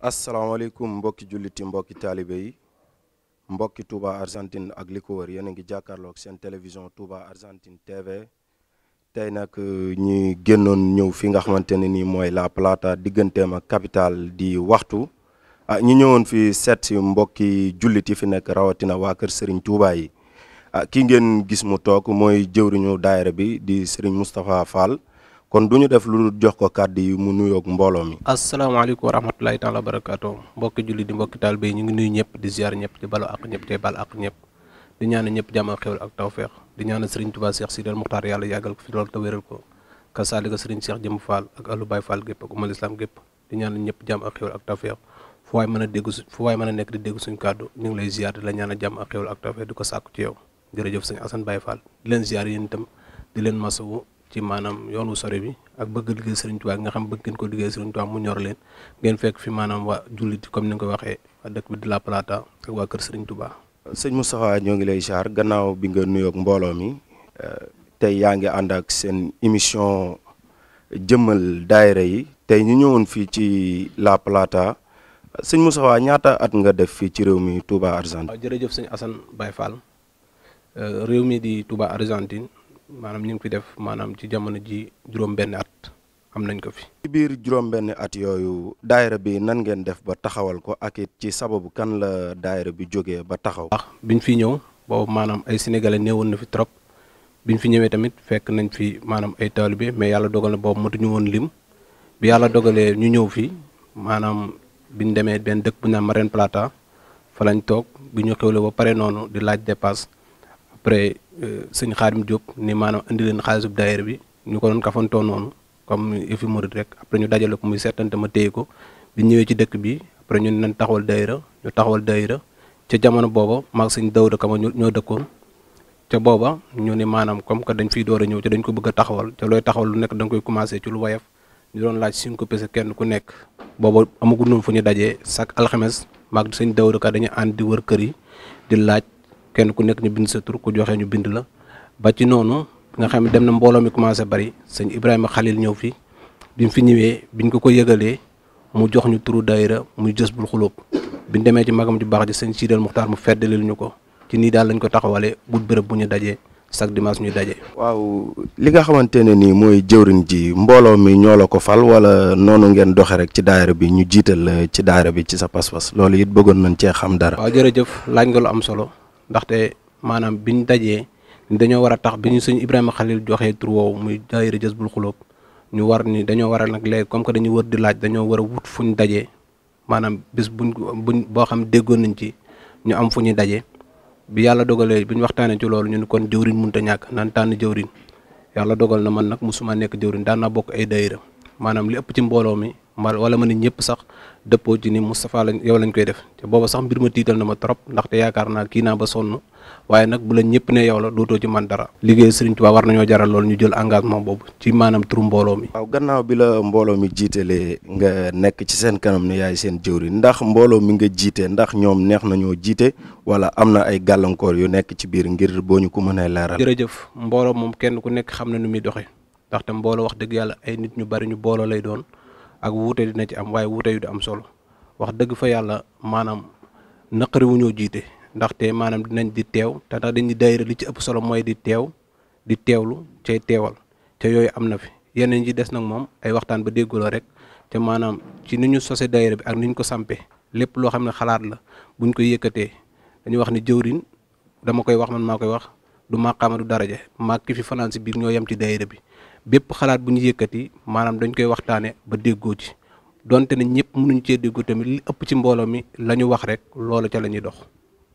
asalaamaaleykum mbokki julliti mbokki taalibe yi mbokki Touba Argentine ak li ko wër yéen a ngi jàkkaarloog seen télévision Touba Argentine TV tey nag euh, ñi génnoon ñëw fi nga xamante ne nii mooy La Plata digganteem ak capitale di waxtu ah ñi ñëwoon fi seet si mbokki jullit yi fi nekk rawatina waa kër Serigne Touba yi ah ki ngeen gis mu toog mooy jëwriñu daayira bi di Serigne Moustapha Fall. kon du ñu def lu jox ko kàddu yi mu nuyoog mbooloo mi. asalaamaaleykum wa rahmatulahi taala wa barakaatu mbokki julli di mbokki taalibe yi ñu ngi nuyu ñëpp di ziar ñëpp di balu ak ñëpp te bal ak ñëpp di ñaan ñëpp jàmm ak xéwal ak tawféex di ñaan Serigne Touba yàggal ko fi lool te wéral ko kasaalika Serigne Cheikh Jëmm Fall ak ñaan ñëpp jàmm ak xéwal ak tawféex fu waay mën a dégg a nekk di dégg suñu kàddu ñu ngi lay ziar di la ñaan jàmm ak xéwal ak tawféex di ko sàkku ci yow jërëjëf sëñ Assane Baye Fall di leen ziar yéen itam di leen masawu ci maanaam yoonu sore bi ak bëgg liggéey Sëriñ Tuubaa nga xam bëgg ngeen ko liggéey Sëriñ Tuubaa mu ñor leen ngeen fekk fi maanaam waa jullit comme ni nga ko waxee waa dëkk bi di La Plata ak waa kër Sëriñ Tuubaa sëñ Moustapha ñoo ngi lay xaar gannaaw bi nga nuyoog mbooloo mi eh, tey yaa ngi ànd ak seen émission jëmmal daayira yi tey ñu ñëwoon fii ci La Plata sëñ Moustapha ñaata at nga def fii ci réew mi Touba Argentine. waaw jërëjëf sëñ Assane Baye Fall eh, réew mi di tubaa Argentine maanaam ñu ngi fi def maanaam ci jamono ji juróom-benn at am nañ ko fi. biir juróom-benn at yooyu daayira bi nan ngeen def ba taxawal ko ak it ci sababu kan la daayira bi jógee ba taxaw. ah biñ fi ñëw boobu maanaam ay sénégalais néewoon na fi trop biñ fi ñëwee tamit fekk nañ fi maanaam ay bi mais yàlla dogal na boobu matuñu woon lim bi yàlla dogalee ñu ñëw fi maanaam biñ demee benn dëkk bu ñu naan Marine Plata fa lañ toog bi ñu xewle ba pare noonu di laaj dépasse sëñ Xaadim jóg ni maanaam indi leen xaalisub daayira bi ñu ko doon kafantoo noonu comme yëfi murit rek après ñu dajale ko muy seetante ma téye ko bi ñëwee ci dëkk bi après ñu nañ taxawal daayira ñu taxawal daayira ca jamono booba maag sëñ Dawda Kama ñoo dëkkoon ca booba ñu ne maanaam comme que dañ fiy door ñëw ca dañ ko bëgg a taxawal ca looy taxawal lu nekk da koy commencé ci lu wayaf ñu doon laaj suñ ko pese kenn ku nekk booba amagul noonu fu ñu dajee chaque alxames maag sañ Dawda Ka dañu ànd di wër kër yi di laaj kenn ku nekk ñu bind sa tur ku joxee ñu bind la ba ci noonu nga xam ne dem na mbooloo mi commencé bari sëñ Ibrahima Khalil ñëw fi bi mu fi ñëwee biñ ko ko yëgalee mu jox ñu turu daayira muy jës bul xulóob biñ demee ci magam ju baax ji sëñ Sidal Muxtaar mu feddalil ñu ko ci nii daal lañ ko taxawalee bu bërëb bu ñu dajee chaque dimanche ñu daje. waaw li nga xamante ne nii mooy jëwriñ ji mbooloo mi ñoo la ko fal wala noonu ngeen doxee rek ci daayira bi ñu jiital euh, ci daayira bi ci sa pas loolu it bëggoon nañ cee xam dara. waaw jërëjëf laaj solo. ndaxte maanaam bi ñu dajee dañoo war a tax bi ñu suñu Ibrahima Khalil joxee tur woowu muy daayira Jazbul Xuloob ñu war ni dañoo war nag léegi comme que dañu wër di laaj dañoo war a wut fu ñu dajee maanaam bis buñ buñ boo xam déggoon nañ ci ñu am fu ñuy dajee bi yàlla dogalee bi ñu waxtaanee ci loolu ñu ne kon jëwriñ mënut a ñàkk nan tànn jëwriñ yàlla dogal na man nag musuma nekk jëwriñ daan naa bokk ay daayira maanaam li ëpp ci mbooloo mi mbar wala mën a ñëpp sax dëppoo ci ni Moustapha lañ yow lañ koy def te booba sax mbir ma tiital na ma trop ndaxte yaakaar naa kii naa ba sonn waaye nag bu la ñëpp ne yow la dootoo ci man dara liggéey Sëriñ Tuubaa war nañoo jaral loolu ñu jël engagement boobu ci maanaam turu mbooloo mi waaw gannaaw bi la mbooloo mi jiitalee nga nekk ci seen kanam ne yaay seen jëwri ndax mbooloo mi nga jiite ndax ñoom neex nañoo jiite wala am na ay gàllankoor yu nekk ci biir ngir boo ñu ko mënee leeral jërëjëf mbooloo moom kenn ku nekk xam na nu muy doxe ndaxte mbooloo wax dëgg yàlla ay nit ñu bari ñu booloo lay doon ak wuute dina ci am waaye wuute yu du am solo wax dëgg fa yàlla maanaam naqari wu ñoo jiite ndaxte maanaam dinañ di teew te ndax dañ di daayira li ci ëpp solo mooy di teew di teewlu cay teewal te yooyu am na fi yeneen yi des nag moom ay waxtaan ba dégguloo rek te maanaam ci ni ñu sose dayre bi ak ni ñu ko sampee lépp loo xam ne xalaat la buñ ko yëkkatee dañuy wax ni jëwriñ dama koy wax man maa koy wax du maqaama du daraja maa ki fi fanaan si biir ñoo yem ci daayira bi bépp xalaat bu ñu yëkkati maanaam dañu koy waxtaane ba déggoo ci donte ne ñëpp mënuñ cee déggoo tamit li ëpp ci mbooloo mi la ñu wax rek loolu ca la ñuy dox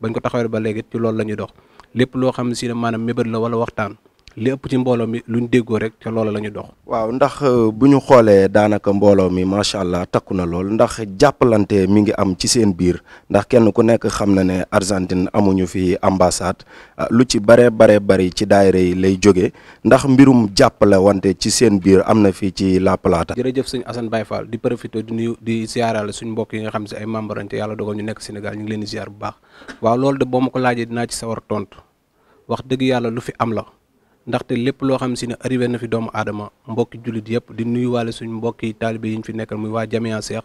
bañ ko taxawee ba léegi ci loolu la ñuy dox lépp loo xam ne si ne maanaam mébét la wala waxtaan li ëpp ci mbooloo mi lu ñu déggoo rek ca loola la ñu dox. waaw ndax euh, bu ñu xoolee daanaka mbooloo mi macha allah takku na lool ndax jàppalante mi ngi am ci seen biir ndax kenn ku nekk xam na ne Argentine amuñu fi ambassade euh, lu ci bare bare bari ci daayira yi lay jóge ndax mbirum jàppale wante ci seen biir am na fii ci La Plata. jërëjëf sëñ Assane Baye Fall di profité di nuyu di ziaral suñ mbokk yi nga xam si ay membre te yàlla dogal ñu nekk Sénégal ñu ngi leen di bu baax waaw loolu de boo ko laajee dinaa ci sawar tontu wax dëgg yàlla lu fi am la ndaxte lépp loo xam si ne arrivé na fi doomu aadama mbokki jullit yëpp di nuyuwaale suñ mbokki taalibe yi ñu fi nekkal muy waa Jamia Seex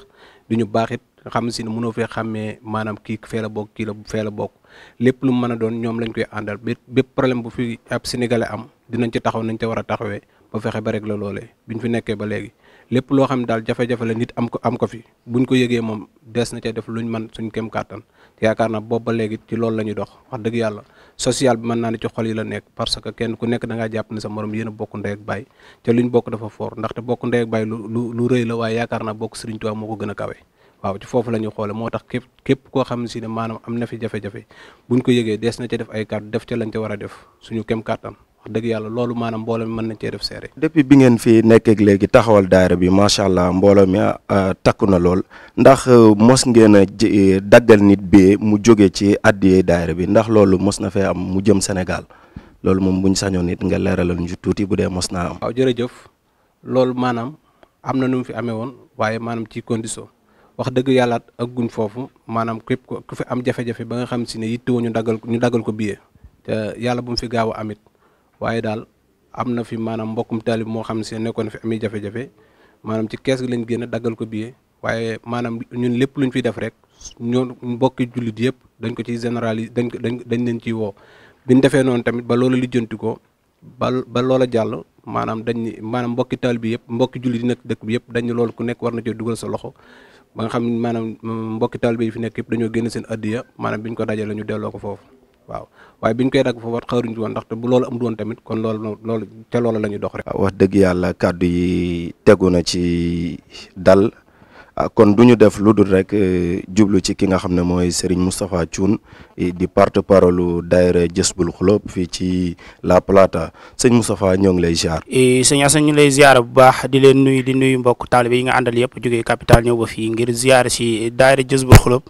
du ñu baaxit xam si ne mënoo fee xàmmee maanaam kii fee la bokk kii la fee la bokk lépp lu mën a doon ñoom lañ koy àndal bépp problème bu fi ab sénégalais am dinañ ci taxaw nañ ca war a taxawee ba fexe ba rek la loolee biñ fi nekkee ba léegi lépp loo xam daal jafe-jafe la nit am ko am ko fi buñ ko yëgee moom des na ca def luñ man suñ kem kàttan yaakaar naa boobu ba léegi ci loolu la ñuy dox wax dëgg yàlla social bi mën naa ne ci xol yi la nekk parce que kenn ku nekk da jàpp ne sa morom yéen a bokk ndey ak baay te luñ bokk dafa foor ndaxte bokk ndey ak baay lu lu rëy la waaye yaakaar naa bokk Sëriñ Tuubaa moo ko gën a kawe waaw ci foofu la ñuy xoole moo tax képp képp koo xam ne si maanaam am na fi jafe-jafe buñ ko yëgee des na ca def ay kàddu def ca lañ ca war a def suñu kem kàttan wax dëgg yàlla loolu maanaam mbooloo mën nañ cee def seere depuis bi ngeen fi nekkeek léegi taxawal daayira bi macha allah mbooloo mi ah, takku na lool ndax ah, mos ngeen a eh, daggal nit bi mu jóge ci addiyee daayira bi ndax loolu mos na fee am mu jëm Sénégal loolu moom buñ ñu sañoon nit nga leeralal ñu tuuti bu dee mos naa am. waaw jërëjëf loolu maanaam am na nu mu fi amee woon waaye maanaam ci condition wax dëgg yàlla ak guñ foofu maanaam képp ku fi am jafe-jafe ba nga xam si ne yittewoo ñu daggal ñu daggal ko billet te yàlla bu mu fi gaaw a waaye daal am na fi maanaam mbokkum taalib moo xam seen nekkoon fi ami jafe-jafe maanaam ci kees gi lañ génn daggal ko billet waaye maanaam ñun lépp luñ fi def rek ñoo mbokki jullit yëpp dañ ko ci générali dañ dañ dañ leen ciy woo biñ defee noonu tamit ba loola lijjanti ko ba ba loola jàll maanaam dañ maanaam mbokki taal bi yëpp mbokki jullit yi nekk dëkk bi yëpp dañ loolu ku nekk war na cee dugal sa loxo ba nga xam maanaam mbokki taal bi fi nekk yëpp dañoo génn seen addiya maanaam biñ ko dajale ñu delloo ko foofu waaw waaye biñ koy dagg foofu xaaruñ ci woon ndaxte bu loolu am doon tamit kon loolu loolu te loolu la ñu dox rek. wax dëgg yàlla kàddu yi tegu na ci dal ah, kon duñu def lu dul rek eh, jublu ci ki nga xam ne mooy Serigne Moustapha Thioune eh, di porte parole lu daayira Jazboul fii ci La Plata sëñ Moustapha ñoo ngi lay ziar. Eh, sëñ Assane ñu lay ziar bu baax di leen nuyu di nuyu mbokk taalibe yi nga àndal yëpp jógee capital ñëw ba fii ngir ziar si daayira Jazboul Khoulob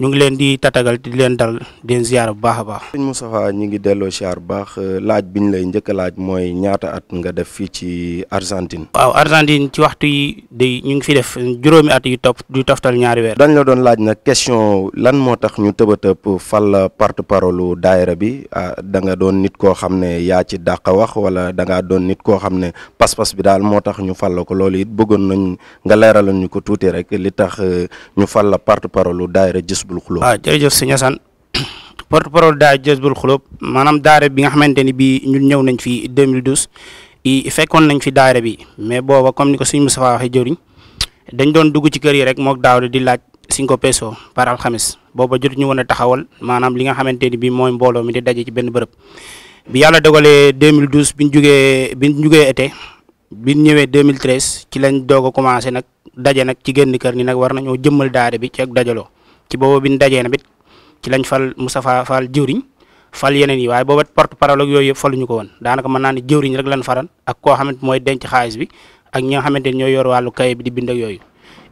ñu ngi leen di tatagal di leen dal di leen bu baax a baax. sëñ Moustapha ñu ngi delloo ziar bu baax laaj bi ñu lay njëkk a laaj mooy ñaata at nga def fii ci Argentine. waaw Argentine ci waxtu yi day ñu ngi fi def juróomi at yu topp du toftal ñaari weer. dañ la doon laaj na question lan moo tax ñu tëb a tëb fal la porte parole daayira bi ah, danga doon nit koo xam ne yaa ci dàq wax wala da doon nit koo xam ne pas-pas bi daal moo tax ñu fal la ko loolu it bëggoon nañ nga leeralal ñu ko tuuti rek li tax ñu fal la porte parole daayira gis Jazbul Xuloob. Ah, jërëjëf sëñ Assane porte parole daara Jazbul Xuloob maanaam daara bi nga xamante ni bii ñun ñëw nañ fi 2012 i fekkoon nañ fi daara bi mais booba comme ni ko sëñ Moustapha waxee jëriñ dañ doon dugg ci kër yi rek mook daaw di laaj cinco peso par alxames booba jot woon a taxawal maanaam li nga xamante ni bii mooy mbooloo mi di daje ci benn bërëb bi yàlla dogalee 2012 biñ jugee biñ jugee été biñ ñëwee 2013 ci lañ doog a commencé nag daje nag ci génn kër ni nag war nañoo jëmmal daare bi ceeg ak dajaloo ci boobu bi ñu dajee na bit ci lañ fal Moustapha Fall jëwriñ fal yeneen yi waaye booba porte parole ak yooyu yëpp faluñu ko woon daanaka mën naa ne jëwriñ rek lan faral ak koo xamante mooy denc xaalis bi ak ñi nga xamante ne ñooy yor wàllu kaye bi di bind ak yooyu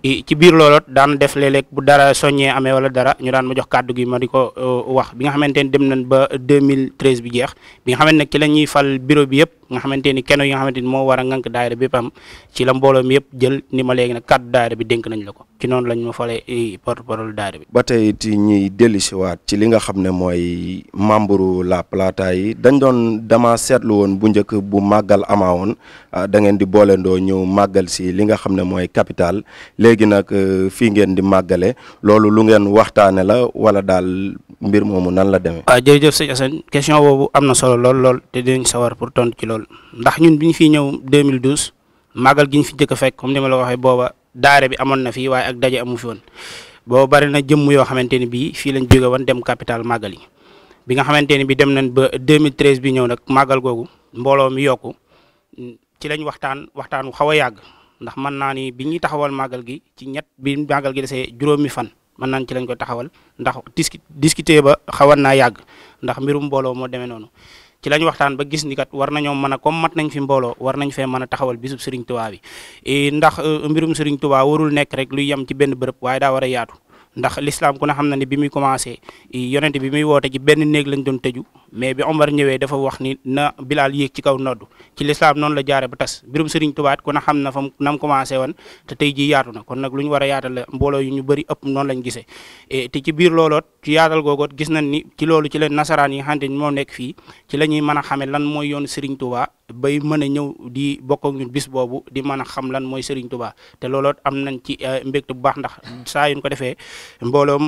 ci biir looloot daan def léeg-léeg bu dara soññee amee wala dara ñu daan ma jox kàddu gi ma di ko uh, wax bi nga xamante ne dem nañ ba 2013 bi jeex bi nga xamante ne ci la ñuy fal bureau bi yëpp nga xamante ni kenn yi nga xamante ni moo war a ngànk daayira bépp am ci la mbooloo mi yëpp jël ni ma léegi nag kàddu daayira bi dénk nañ la ko ci noonu lañ ma falee porte parole daayira bi. ba tey it ñuy dellusiwaat ci li nga xam ne mooy membre La Plata yi dañ doon dama seetlu woon bu njëkk bu màggal amaa woon ah, dangeen ngeen di booleendoo ñëw màggal si li nga xam ne mooy capital léegi nag eh, fii ngeen di màggale loolu lu ngeen waxtaane la wala daal. mbir moomu nan la demee. waaw jërëjëf sëñ Assane question boobu am na solo lool lool te dinañ sawar pour ton ci lool ndax ñun bi ñu fiy ñëw 2012 màggal gi fi jëkk a fekk ni ma la waxee booba daare bi amoon na fi waaye ak daje amu fi woon booba bari na jëmm yoo xamante ni bii fii lañ jóge woon dem capital màggal yi bi nga xamante ni bii dem nañ ba 2013 bi ñëw nag màggal googu mbooloo mi yokku ci lañ waxtaan waxtaan wu xaw a yàgg ndax mën naa ni bi ñuy taxawal màggal gi ci ñett bi màggal gi desee juróomi fan. mën naan ci lañ ko taxawal ndax discu discuter ba xawan naa yàgg ndax mbirum mbooloo moo demee noonu ci lañ waxtaan ba gis ni kat war nañoo mën a comme mat nañ fi mbooloo war nañ fee mën a taxawal bisub Serigne Touba bi eh, ndax eh, mbirum Serigne Touba warul nekk rek luy yem ci benn bërëb waaye daa war a yaatu ndax l'islam ku xam na ne bi muy commencé yonente bi muy woote ci benn néeg lañ doon teju mais bi Omar ñëwee dafa wax ni na bilaal yéeg ci kaw noddu ci l'islam noonu la jaare ba tas mbirum Serigne Touba ku ne xam na fa na mu commencé woon te tey jii yaatu na kon nag lu ñu war a yaatal la mbooloo yu ñu bëri ëpp noonu lañ gisee e, te ci biir looloot ci yaatal googoot gis nañ ni ci loolu ci leen nasaraan yi nga moo nekk fii ci la ñuy mën a xamee lan mooy yoon Serigne Touba bay mën a ñëw di bokk ak ñun bis boobu di mën a xam lan mooy Serigne Touba te looloot am nañ ci eh, mbégte bu baax ndax saa yuñ ko defee mbooloom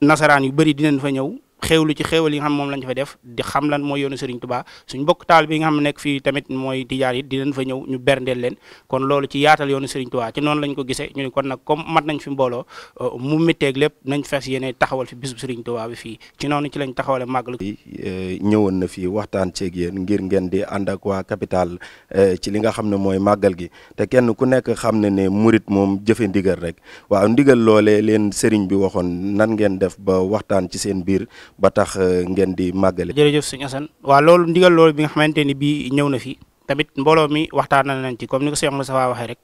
nasaraan yu bëri dinañ fa ñëw. xewlu ci xéewal yi nga xam moom lañ fa def di xam lan mooy yoonu Serigne Touba suñ bokk taal bi nga xam nekk fii tamit mooy tijaar yi dinañ fa ñëw ñu berndeel leen kon loolu ci yaatal yoonu Serigne Touba ci noonu lañ ko gise ñu ne kon nag comme mat nañ fi mbooloo euh, mu mitteeg lépp nañ fees yéene taxawal fi bisub Serigne Touba fii ci noonu ci lañ taxawale màggal euh, ñëwoon na fii waxtaan ceeg yéen ngir ngeen di ànd ak waa capital euh, ci li nga xam ne mooy màggal gi te kenn ku nekk xam ne ne murit moom jëfe ndigal rek waaw ndigal loolee leen Serigne bi waxoon nan ngeen def ba waxtaan ci seen biir ba tax euh, ngeen di màggale. jërëjëf sëñ Assane wa loolu ndigal lool bi nga xamante ni bii ñëw na fi tamit mbooloo mi waxtaanal nañ ci comme ni ko sëñ Moustapha waxee rek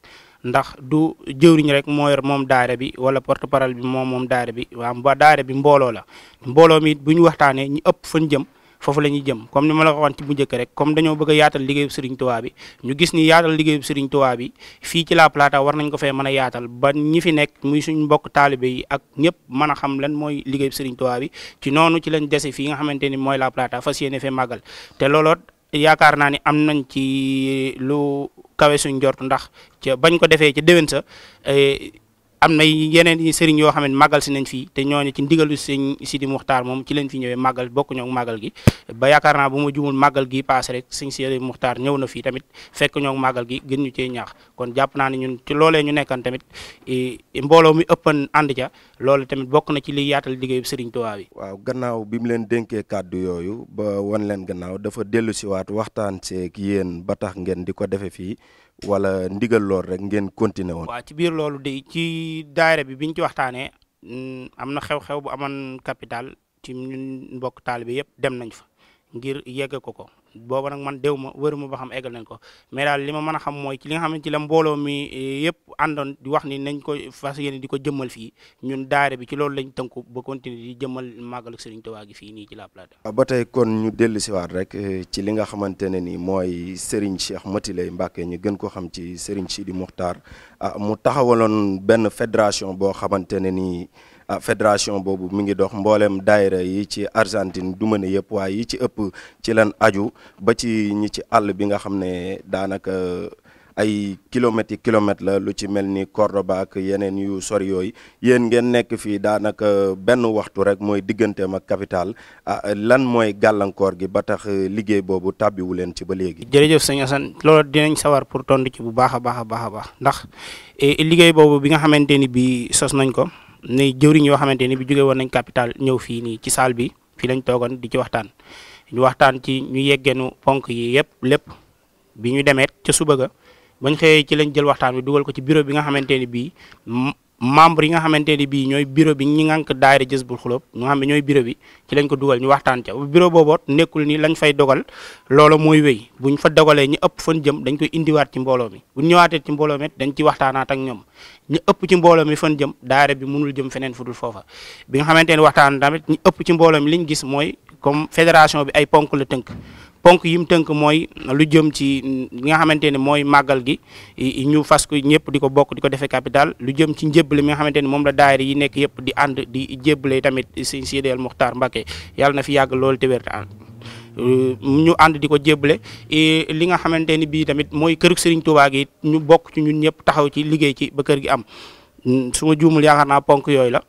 ndax du jëwriñ rek moo moom daara bi wala porte parole bi moom moom daara bi waaw ba daara bi mbooloo la mbooloo mi bu ñu waxtaanee ñu jëm foofu la jëm comme ni ma la ko ci bu njëkk rek comme dañoo bëgg a yaatal liggéeyub Serigne Touba bi ñu gis ni yaatal liggéeyub Serigne Touba bi fii ci La Plata war nañ ko fee mën a yaatal ba ñi fi nekk muy suñu mbokk taalibe yi ak ñëpp mën a xam lan mooy liggéey Serigne Touba bi ci noonu ci lañ dese fii nga xamante ni mooy La Plata fas yéene fee màggal te looloot yaakaar naa ni am nañ ci lu kawe suñ njort ndax bañ ko defee ci déwén sa eh, am na yeneen i sëriñ yoo xam ne màggal si nañ fii te ñooñu ci ndigalu sëñ Sidi Muxtaar moom ci lañ fi ñëwee màggal bokk ñoo màggal gi ba yaakaar naa bu ma jumul màggal gi paas rek sëñ Sidi Muxtaar ñëw na fii tamit fekk ñoo màggal gi gën ñu cee ñaax kon jàpp naa ne ñun ci loolee ñu nekkan tamit mbooloo mi ëppan ànd ja loolu tamit bokk na ci liy yaatal liggéeyu sëriñ Tuubaa bi waaw gannaaw bi mu leen dénkee kàddu yooyu ba wan leen gannaaw dafa dellu siwaat waxtaan seeg yéen ba tax ngeen di ko defe fii wala ndigal lool rek ngeen continuer ci bi biñ ci waxtaanee mm, am na xew-xew bu amoon capital ci ñun mbokk taalibe yëpp dem nañ fa ngir yegg ko ko booba nag man dew ma wëru ma ba xam eggal nañ ko mais daal li ma mën a xam mooy ci li nga xam ne ci la mbooloo mi eh, yëpp àndoon di wax ni nañ ko fas yéene di ko jëmmal fii ñun daare bi ci loolu lañ tënku ba continuer di jëmmal màggalu Sëriñ Tuubaa gi fii nii ci La Plata. ba tey kon ñu dellu siwaat rek eh, ci li nga xamante ne ni mooy Serigne Cheikh Mati Lay mbake ñu gën ko xam ci Serigne Sidi a ah, mu taxawaloon benn fédération boo xamante ne ni. Ah, fédération boobu mi ngi dox mbooleem daayira yi ci Argentine du mën a yëpp waaye yi ci ëpp ci lan aju ba ci ñi ci àll bi nga xam ne daanaka ah, ay kilomètres yi kilomètres la lu ci mel ni Cordoba ak yeneen yu sori yooyu yéen ngeen nekk fii daanaka benn waxtu rek mooy digganteem ak capital ah, lan mooy gàllankoor gi ba tax liggéey boobu tàbbiwu leen ci ba léegi. jërëjëf sëñ Assane loolu dinañ sawar pour tontu ci bu baax a baax a baax a baax ndax eh, liggéey boobu bi nga xamante ni bii sos nañ ko. ni jëwriñ yoo xamante ni bi jóge woon nañ capital ñëw fii nii ci saal bi fii lañ toogoon di ci waxtaan ñu waxtaan ci ñu yeggeenu ponk yi yëpp lépp bi ñu demeet ca suba ga bañ xëyee ci lañ jël waxtaan bi dugal ko ci bureau bi nga xamante ni bii membre yi nga xamante ni bii ñooy bureau bi ñi ngànk daayira Jazbul Xuloob ñu xam ne ñooy bureau bi ci lañ ko dugal ñu waxtaan ca bureau booboot nekkul ni lañ fay dogal loolu mooy wéy buñ fa dogalee ñu ëpp fan jëm dañ koy indiwaat ci mbooloo mi buñ ñëwaatee ci mbooloo dañ ci waxtaanaat ak ñoom ñu ëpp ci mbooloo mi fan jëm daayira bi mënul jëm feneen fu dul foofa bi nga xamante waxtaan tamit ñu ëpp ci mbooloo mi liñ gis mooy comme fédération bi ay ponk la tënk ponk yi mu tënk mooy lu jëm ci li nga xamante ne mooy màggal gi ñu fas ko ñëpp di ko bokk di ko defee capital lu jëm ci njébbale mi nga xamante ne moom la daayira yi nekk yëpp di ànd di jébbale tamit sëñ Sidi El Muxtaar Mbacke yàlla na fi yàgg loolu te ñu ànd di ko jébbale e, li nga xamante ni bii tamit mooy kër Serigne Touba gi ñu bokk ci ñu ñëpp taxaw ci liggéey ci ba kër gi am suma ma juumul yaakaar naa ponk yooyu la.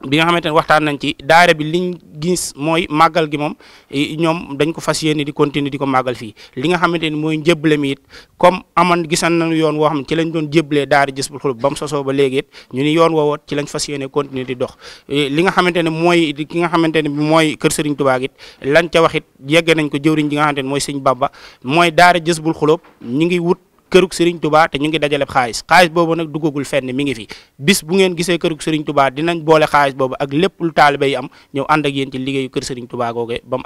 bi nga xamante ne waxtaan nañ ci daara bi liñ gis mooy magal gi moom ñoom dañ ko fas yéene di continuer di ko màggal fii linga nga xamante ni mooy njëble mi it comme aman gisan nañu yoon woo xam ne ci lañ doon jëblee daara Jazbul Xulub ba mu sosoo ba léegi it ñu ni yoon woowoot ci lañ fas yéene continuer di dox li nga xamante ne mooy ki nga xamante ne mooy kër Sëriñ Tuubaa it lañ ca wax it yegg nañ ko jëwriñ gi nga xamante mooy Sëriñ Bamba mooy daara Jazbul Xulub ñi wut kërug Serigne Touba te ñu ngi dajale xaalis xaalis boobu nag duggagul fenn mi ngi fi bis bu ngeen gisee kërug Serigne tubaa dinañ boole xaalis boobu ak lépp lu taalibe yi am ñëw ànd ak yéen ci liggéeyu kër Serigne Touba googe ba mu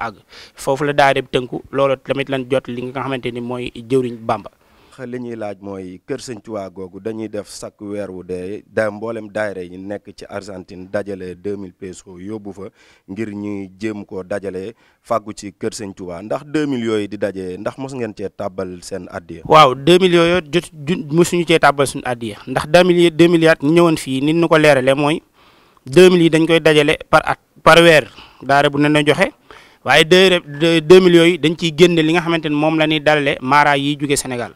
foofu la daa bi tënku loolu tamit lan jot li nga xamante ni mooy jëwriñ Bamba li ñuy laaj mooy kër sëñ Tuubaa googu dañuy def sak weer wu dee da mboolem daayira yi nekk ci Argentine dajale 2000 pesos yóbbu fa ngir ñuy jéem koo dajale fàggu ci kër sëñ Tuubaa ndax deux 2000 yooyu di daje ndax mos ngeen cee tàbbal seen addiya. waaw 2000 yooyu jot mosuñu cee tàbbal suñu addiya ndax 2000 2000 yaat ñu ñëwoon fii ni ñu ko leerale mooy 2000 yi dañ koy dajale par at par weer daara bu ne joxe. waaye deux deux millions yi dañ ciy génne li nga xamante ni moom la ñuy dalale mara yi jóge Sénégal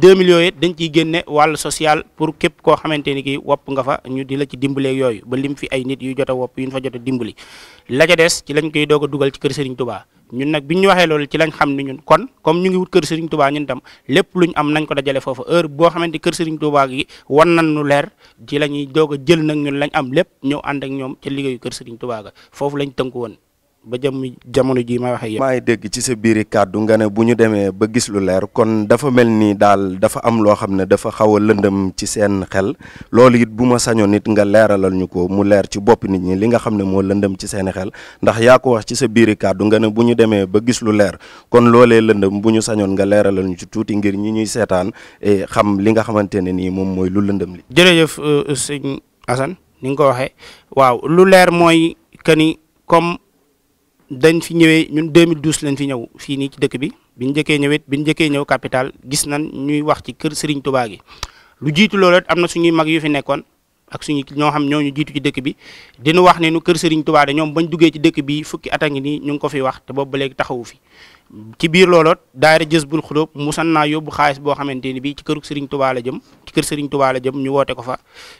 deux millions it dañ ciy génne wàll social pour képp koo xamante ni kii wopp nga fa ñu di la ci dimbaleeg yooyu ba lim fi ay nit yu jot a wopp yu ñu fa jot a dimbali la ca des ci lañ koy doog dugal ci kër Serigne Touba ñun nag bi ñu waxee loolu ci lañ xam ne ñun kon comme ñu ngi wut kër Serigne Touba ñun tam lépp luñ am nañ ko dajale foofu heure boo xamante kër Serigne Touba gi wan na nu leer ci la ñuy doog a jël nag ñun lañ am lépp ñëw ànd ak ñoom ca liggéeyu kër Serigne Touba ga foofu lañ tënku woon ba jëm jamono ji may wax ak yéen. maa ngi dégg ci sa biiri kàddu nga ne bu ñu demee ba gis lu leer kon dafa mel ni daal dafa am loo xam ne dafa xaw a lëndëm ci seen xel loolu it bu ma sañoon nit nga leeralal ñu ko mu leer ci bopp nit ñi li nga xam ne moo lëndëm ci seen xel ndax yaa ko wax ci sa biiri kàddu nga ne bu ñu demee ba gis lu leer kon loole lëndëm bu ñu sañoon nga leeralal ñu ci tuuti ngir ñi ñuy seetaan e xam li nga xamante ne nii moom mooy lu lëndëm li. jërëjëf euh, ko waxee dañ fi ñëwee ñun 2012 lañ fi ñëw fii nii ci dëkk bi bi njëkkee ñëwit bi njëkkee ñëw capital gis na ñuy wax ci kër Serigne Touba gi lu jiitu loolu am na suñuy mag yu fi nekkoon ak suñu ñoo xam ñoo ñu jiitu ci dëkk bi dinu wax ne nu kër Serigne Touba ñoom bañ duggee ci dëkk bi fukki at a ngi nii ñu ngi ko fi wax te boobu ba léegi taxawu fi ci biir looloo daayira Jazbul Xulóob musan naa yóbbu xaalis boo xamante ni bii ci këruk Serigne Touba la jëm ci kër Serigne Touba la jëm ñu woote ko fa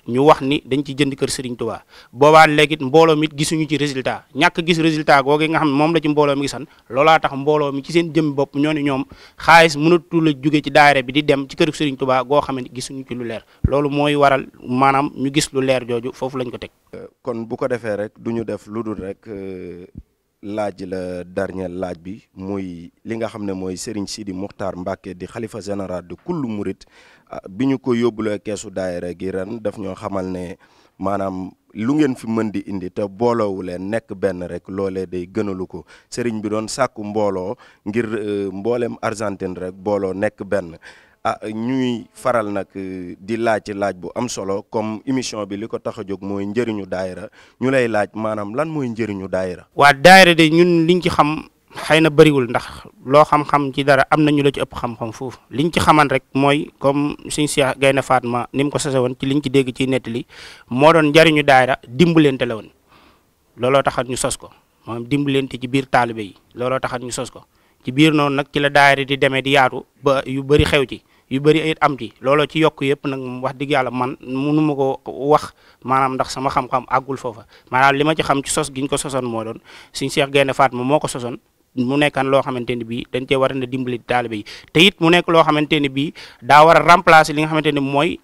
ñu wax ni dañ ci jënd kër Serigne Touba boobaa léegi mbooloo mi gisuñu ci résultat ñàkk gis résultat googu nga xam ne moom la ci mbooloo mi gisan loolaa tax mbooloo mi ci seen jëm bopp ñoo ne ñoom xaalis mënatu la jóge ci daayira bi di dem ci këruk Serigne tubaa goo xam gisuñu ci lu leer loolu mooy waral maanaam ñu gis lu leer jooju foofu lañ ko teg kon bu ko defee rek duñu def lu dul rek euh, laaj la dernier laaj bi mooy li nga xam ne mooy Serigne Sidi Muxtaar Mbàkke di xalifa général de kullu murit ah, bi ñu ko yóbbule keesu daayira gi ren daf ñoo xamal ne maanaam lu ngeen fi mën di indi te booloowu leen nekk benn rek loolee day gënalu ko Serigne bi doon sàkku mbooloo ngir euh, mboolem Argentine rek booloo nekk benn ah ñuy faral nag euh, di laaj ci laaj bu am solo comme émission bi li ko tax a jóg mooy njëriñu daayira ñu lay laaj maanaam lan mooy njëriñu daayira. waa daayira de ñun liñ ci xam xëy na bëriwul ndax loo xam-xam ci dara am na ñu la ci ëpp xam-xam foofu liñ ci xaman rek mooy comme suñ Seex Gaynde Fatma ni mu ko sase woon ci liñ ci dégg ci nettali moo doon njëriñu daayira dimbalante la woon looloo taxat ñu sos ko leen dimbalante ci biir taalibe yi looloo taxat ñu sos ko ci biir noonu nag ci la daayira di demee di yaatu yu bëri xew ci. yu bëri am ci looloo ci yokk yëpp nag wax dëgg yàlla man munu ma ko wax maanaam ndax sama xam-xam agul foofa maanaam li ma ci xam ci sos giñ ko sosoon moo doon suñ Cheikh Gaynde Fatma moo ko soson mu nekkaan loo xamante ni bii dañ cee war a dimbali taalibe yi te it mu nekk loo xamante ni bii daa war a remplacer li nga xamante ni mooy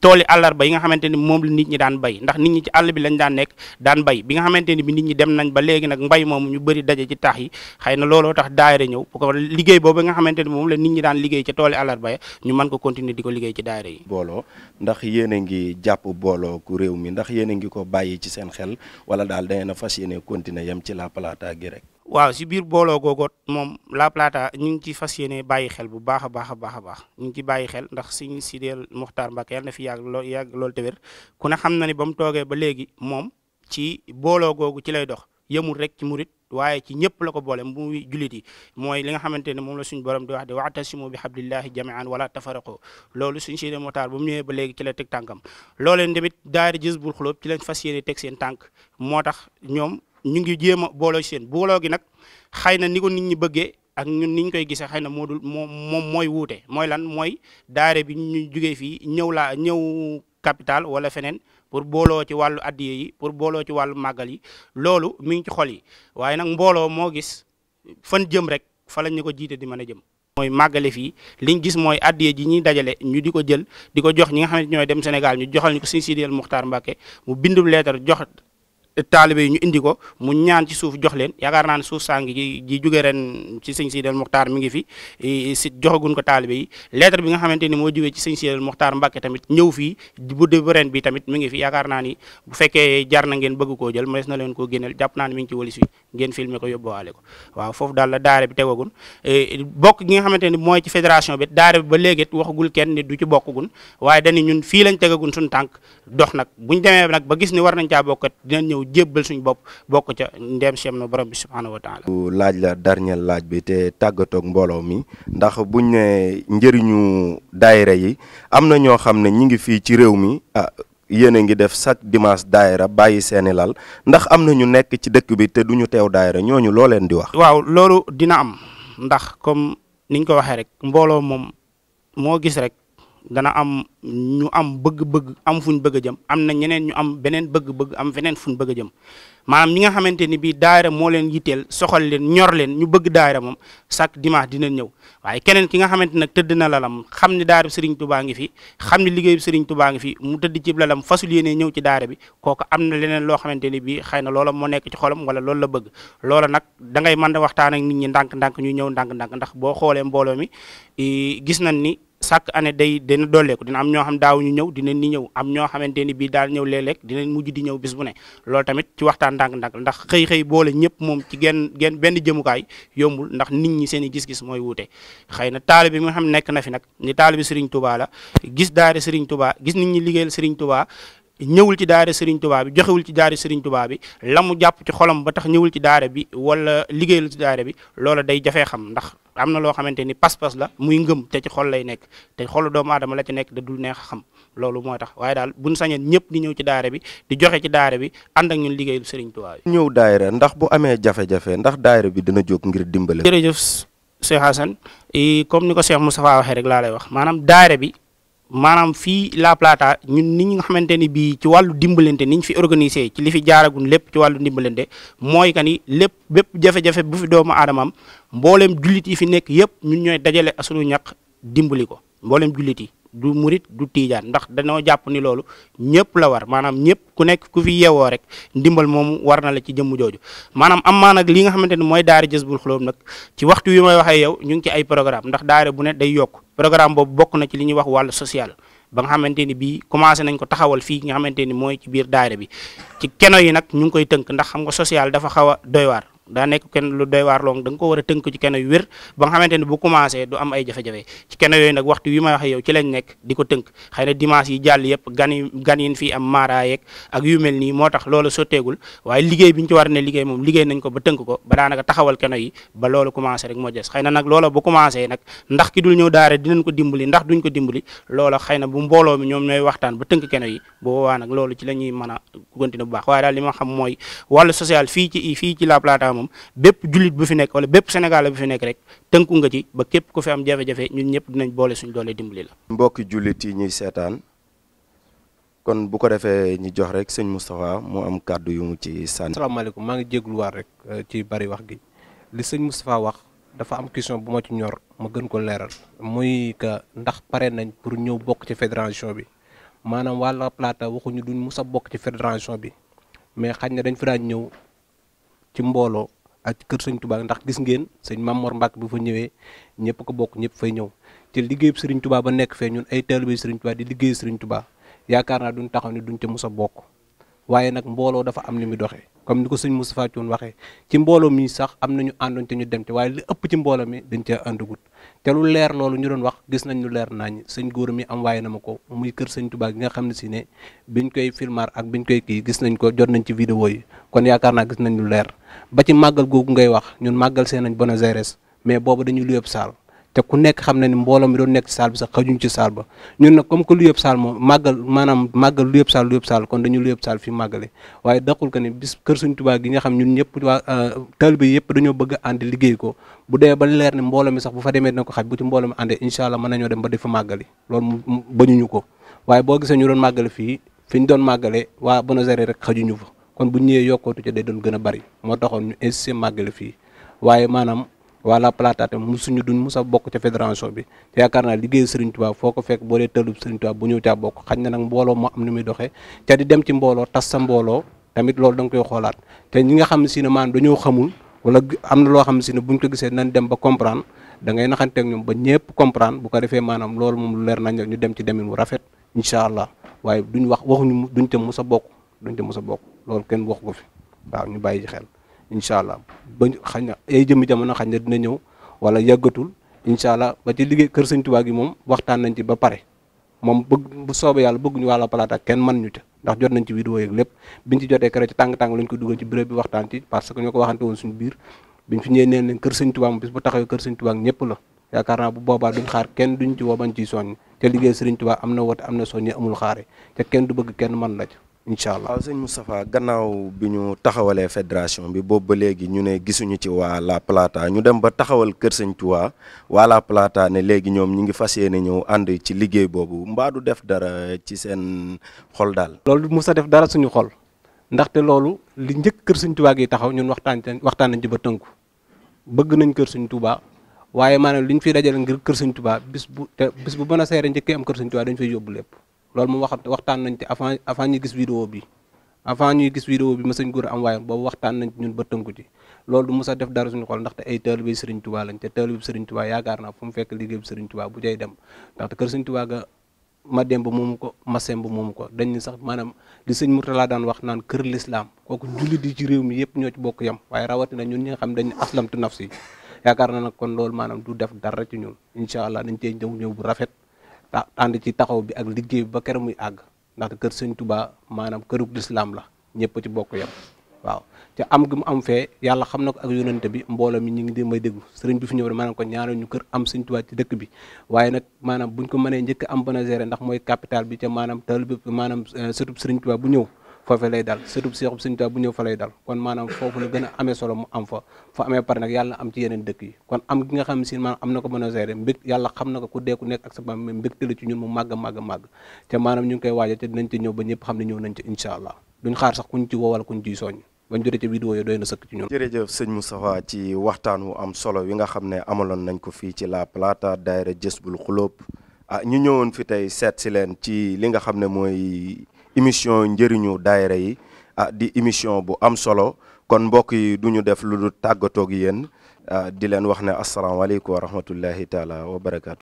tooli àllarba yi nga xamante ni moom la nit ñi daan bay ndax nit ñi ci àll bi lañ daan nekk daan bay bi xamante ni bi ñi dem nañ ba léegi nag mbay moom ñu bëri daje ci taax yi xëy na looloo tax daayira ñëw bu ko liggéey boobu nga xamante ni moom la nit ñi daan liggéey ci tooli àllarba ya ñu mën ko continuer di ko liggéey ci daayira yi booloo ndax yéen a ngi jàpp booloo ku réew mi ndax yéen a ngi ko bàyyi ci seen xel wala daal dangeen a fas yéene continuer yem ci la plata rek waaw si biir booloo googoot moom La Plata ñu ngi ci fas yéene bàyyi xel bu baax a baax a baax a baax ñu ngi ci bàyyi xel ndax suñu Sideel Muxtaar Mbàkke yàlla na fi yàgg loo yàgg loolu te wér ku ne xam na ni ba mu toogee ba léegi moom ci booloo googu ci lay dox yëmul rek ci murit waaye ci ñëpp la ko boole muy jullit yi mooy li nga xamante ne moom la suñu borom di wax di wa'tasimu bi hablillahi jami'an wala tafarraqu loolu suñ Sidi Moxtaar ba mu ñëwee ba léegi ci la teg tànkam looleen tamit daayira Jazbul Xuloob ci lañ fas yéene teg seen moo tax ñoom ñu ngi jéem a booloo seen booloo gi nag xëy na ni ko nit ñi bëggee ak ñun niñ koy gisee xay na moo dul moom mooy wuute mooy lan mooy daare bi ñu jugee fii ñëw laa ñëw capital wala feneen pour booloo ci wàllu addiye yi pour booloo ci wàllu màggal yi loolu mi ngi ci xol yi waaye nag mbooloo moo gis fan jëm rek fa lañ ñu ko jiite di mën a jëm. mooy màggale fii liñ gis mooy addiye ji ñuy dajale ñu di ko jël di ko jox ñi nga xam ne ñooy dem Sénégal ñu joxal ñu ko Sëñ Sidil Muxtaar mu bindub leetar jox taalibe yi ñu indi mu ñaan ci suuf jox leen yaakaar naa ne suuf sàng ji ji jóge ren ci sëñ Sidel Mokhtar mi ngi fi si joxagun ko taalibe yi lettre bi nga xamante ni moo jógee ci sëñ Sidel Mokhtar Mbacke tamit ñëw fii bu dee ren bi tamit mi ngi fi yaakaar naa ni bu fekkee jar na ngeen bëgg koo jël mees na leen koo génneel jàpp naa ne mi ngi ci walis fi ngeen filmer ko yóbbuwaale ko waaw foofu daal la gi nga xamante ni mooy ci fédération bi daare bi ba léegi waxagul kenn ni du ci bokkagun waaye dañi ñun fii lañ tegagun suñu tànk dox nag buñ demee nag ba gis ni war nañ caa bokkat dinañ ñëw ñëw jébbal suñu bopp bokk ca ndeem seem na borom bi subhaanahu laaj la dernier laaj bi te tàggatoog mbooloo mi ndax buñ ne njëriñu daayira yi am na ñoo xam ne ñi ngi fii ci réew mi ah yéen a ngi def chaque dimanche daayira bàyyi seeni lal ndax am na ñu nekk ci dëkk bi te du ñu teew daayira ñooñu loo leen di wax waaw loolu dina am ndax comme niñ ko waxee rek mbooloo moom moo gis rek dana am ñu am bëgg-bëgg am fuñ bëgg jëm am na ñeneen ñu am beneen bëgg-bëgg am feneen fuñ bëgg a jëm maanaam ñi nga xamante ni bii daayira moo leen yitteel soxal leen ñor leen ñu bëgg daayira moom chaque dimanche dina ñëw waaye keneen ki nga xamante nag tëdd na lalam xam ni daayira bi Serigne ngi fi xam ni liggéey bi Serigne Touba ngi fi mu tëdd ci lalam fasul yéene ñëw ci daara bi kooku am na leneen loo xamante ni bii xëy na loola moo nekk ci xolam wala loolu la bëgg loola nag dangay ngay mën a waxtaan ak nit ñi ndànk-ndànk ñu ñëw ndànk-ndànk ndax boo xoolee mbooloo mi gis nañ ni chaque année day dina dooleeku dina am ñoo xam daaw ñu ñëw dinañ ni ñëw am ñoo xamante ni daal ñëw léeg-léeg dinañ mujj di ñëw bis bu ne loolu tamit ci waxtaan ndànk ndax xëy-xëy boole ñëpp moom ci gen genn benn jëmukaay yombul ndax nit ñi seen i gis-gis mooy wute xëy na taalibe bi nga xam nekk na fi nag ni taalibe Serigne Touba la gis daare Serigne tubaa gis nit ñi liggéeyal Serigne Touba ñëwul ci daara Serigne Touba bi joxewul ci daara Serigne Touba bi la mu jàpp ci xolam ba tax ñëwul ci daara bi wala liggéeyul ci daara bi loola day jafee xam ndax am na loo xamante ni pas-pas la muy ngëm te ci xol lay nekk te xolu doomu aadama la ci nekk da dul neex a xam loolu moo tax waaye daal buñ sañeen ñëpp di ñëw ci daara bi di joxe ci daara bi ànd ak ñun liggéeyul Serigne Touba bi. ñëw daayira ndax bu amee jafe-jafe ndax daayira bi dina jóg ngir dimbale. jërëjëf Cheikh Hassane comme ni ko Cheikh Moustapha waxee rek laa lay wax maanaam daara bi maanaam fii La Plata ñun ni nga xamante ni bii ci wàllu dimbalante niñ fi organiser ci li fi jaaragun lépp ci wàllu dimbalante mooy que ni lépp bépp jafe-jafe bu fi doomu aadamaam mboolem jullit yi fi nekk yëpp ñun ñooy dajale asunu ñaq dimbali ko mboolem jullit yi du murit du tiijaan ndax dañoo jàpp ni loolu ñëpp la war maanaam ñëpp ku nekk ku fi yeewoo rek ndimbal moomu war na la ci jëmm jooju maanaam am maa nag li nga xamante ne mooy daare Jazbul Xuloob nag ci waxtu wi may waxee yow ñu ngi ci ay programme ndax daare bu ne day yokk programme boobu bokk na ci li ñuy wax wàllu social ba nga xamante ni bii commencé nañ ko taxawal fii nga xamante ni mooy ci biir daayira bi ci keno yi nag ñu ngi koy tënk ndax xam nga social dafa xaw a doy daa nekk kenn lu doy waar ko war a tënk ci kenn yu wér ba nga xamante ne bu commencé du am ay jafe-jafe ci kenn yooyu nag waxtu wi ma wax yow ci di ko tënk xëy na dimanche yi jàll yëpp gan yi gan yin fii am maara ba tënk ko ba daanaka taxawal kenn yi ba ba la ñuy mën a continuer bu baax waaye daal li xam mooy wàllu social fii ci ci la plata moom bépp jullit bu fi nekk wala bépp sénégalais bu fi nekk rek tënku nga ci ba képp ku fi am jafe-jafe ñun ñëpp dinañ boole suñ doole dimbali la. mbokki jullit yi ñuy seetaan kon bu ko defee ñu jox rek sëñ Moustapha mu am kàddu yu ci sànni. asalaamaaleykum maa ngi jégluwaat rek euh, ci bari wax gi li sëñ Moustapha wax dafa am question bu ma ci ñor ma gën ko leeral muy que ndax pare nañ pour ñëw bokk ci fédération bi maanaam waa La Plata waxuñu duñ mus a bokk ci fédération bi ci mbooloo ak kër sëñ Touba ndax gis ngeen sëñ Mamor Mbacke bu fa ñëwee ñëpp ko bokk ñëpp fay ñëw te liggéeyub sëriñ tubaa ba nekk fee ñun ay taalibe sëriñ Touba di liggéey sëriñ Touba yaakaar naa duñ taxaw ne duñ ca mus bokk waaye nag mbooloo dafa am ni muy doxee comme ni ko sëñ Moustapha Thioune waxee ci mbooloo mi sax am nañu àndoon ñu dem te waaye li ëpp ci mbooloo mi dañ cee àndagut te leer loolu ñu doon wax gis nañ lu leer nañ sëñ góor mi am waaye na ko muy kër sëñ Touba gi nga xam ne si ne biñ koy filmar ak biñ koy kii gis nañ ko jot nañ ci vidéo yi kon yaakaar naa gis nañ lu leer ba ci màggal googu ngay wax ñun màggal seen nañ Buenos Aires mais boobu dañu lu yëpp saal te ku nekk xam ne ni mbooloo mi doon nekk ci saal bi sax xajuñ ci saal ba ñun comme que lu yëpp saal moom màggal maanaam màggal lu yëpp kon dañu lu yëpp saal fii màggale waaye daqul que ni bis nga xam ñun ñëpp waa euh, taalibe yi yëpp bëgg a liggéey ko bu dee ba leer ne mbooloo mi sax bu fa demee dina ko xaj bu ci mbooloo mi àndee incha allah mën nañoo dem ba fa màggali loolu bañuñu ko waaye boo gisee ñu doon màggale fii fi ñu doon màggale waa Buenos Aires rek xajuñu fa kon bu ñëwee yokkootu ca day doon gën a bari moo taxoon ñu insisté màggale fii waaye maanaam wala plata tam mu suñu duñ musa bokk ca fédération bi te yaakaar naa liggéey Serigne Touba foo ko fekk boo dee tëlub Serigne Touba bu ñëw caa bokk xaj na nag mbooloo moo am ni muy doxee ca di dem ci mbooloo tas sa mbooloo tamit loolu da nga koy xoolaat te ñi nga xam si ne da dañoo xamul wala am na loo xam si ne buñ ko gisee nañ dem ba comprendre da ngay naxanteeg ñoom ba ñëpp comprendre bu ko defee maanaam loolu moom lu leer nañ ñu dem ci demin wu rafet incha allah waaye duñ wax waxuñu duñ te musa bokk duñ te musa bokk loolu kenn wax ko fi waaw ñu bàyyi xel incha allah ba xañ na ay jëmmi jamono xañ na dina ñëw wala yàggatul incha allah ba ci liggéey kër moom waxtaan nañ ci ba pare moom bëgg bu soobee kenn man ñu ca ndax jot nañ ci vidéo yeeg lépp biñ ci jotee kere ci tàng-tàng lañ ko dugal ci bi waxtaan ci parce que ñoo ko waxante woon suñu biir biñ fi ñëwee neen leen kër sëñ Tuubaa moom bis bu taxawee boobaa duñ xaar kenn duñ ci woo bañ ciy soññ te liggéey sëriñ Tuubaa am na woote am na soññe amul xaare te kenn du bëgg kenn man la ca incha allah waaw sëñ Moustapha gannaaw bi ñu taxawalee fédération bi boobu ba léegi ñu ne gisuñu ci waa La Plata ñu dem ba taxawal Kër Sëñ Touba waa La léegi ñoom ñu ngi fas yéene ñëw ànd ci liggéey boobu mbaa du def dara ci seen xol daal. loolu mos a def dara suñu xol ndaxte loolu li njëkk Kër Sëñ Touba gi taxaw ñun waxtaan waxtaan nañ ci ba tënku bëgg nañ Kër Sëñ Touba waaye maanaam li fi fiy dajale ngir Kër Sëñ Touba bis bu te bis bu mën a seere njëkkee am Kër Sëñ Touba dañ fay yóbbu lépp. loolu moom wax waxtaan nañ te avant avant ñuy gis vidéo bi avant ñuy gis vidéo bi ma sëñ góor am waaye boobu waxtaan nañ ñun ba tënku ci loolu du mos a def dara suñu xol ndaxte ay taalibe sëriñ Tuubaa lañ te taalibe sëriñ Tuubaa yaakaar naa fu mu fekk liggéey bu bu jay dem ndaxte kër dem ba ko ma moomu ko dañ ni sax maanaam li sëñ Murtala daan wax naan kër lislaam kooku julli di ci réew mi yëpp ñoo ci bokk yam waaye rawatina ñun ñi nga xam dañ aslamtu nafsi yaakaar na kon loolu maanaam du def dara ci ñun incha allah dañ cee ñëw ñëw bu rafet ànd ci taxaw bi ak liggéey ba kere muy àgg ndaxte kër sëñ Touba maanaam kërug lislaam la ñëpp ci bokk yam waaw te am gi mu am fee yàlla xam na ko ak yonante bi mbooloo mi ñu ngi di may déglu sëriñ bi fi ñëw rek maanaam ko ñaanal ñu kër am sëñ Touba ci dëkk bi waaye nag maanaam buñ ko mënee njëkk am bana géré ndax mooy capital bi ca maanaam taal bi maanaam euh, surtout sëriñ bu ñëw foofu lay dal surtout Seexu Sëñ Tuubaa bu ñëw fa lay dal kon maanaam foofu la gën a amee solo mu am fa fa amee pare nag yàlla am ci yeneen dëkk yi kon am gi nga xam am na ko mën a gérer ko ku nekk ak sa maam mbégte la ci ñun mu màgg ne ñëw nañ ci incha allah duñ xaar sax kuñ ci woowal kuñ ciy soññ bañ jotee ci am solo wi nga xam ne amaloon nañ ko fii ci La Plata daayira Jazbul Xuloob ah ñu ñëwoon fi tey seet si leen ci li nga xam ne mooy émission njëriñu daayira yi ah di émission bu am solo kon mbokk yi du ñu def lu dul tàggatoog yéen ah, di leen wax ne asalaamaaleykum wa rahmatullahi taala wa barakaatu.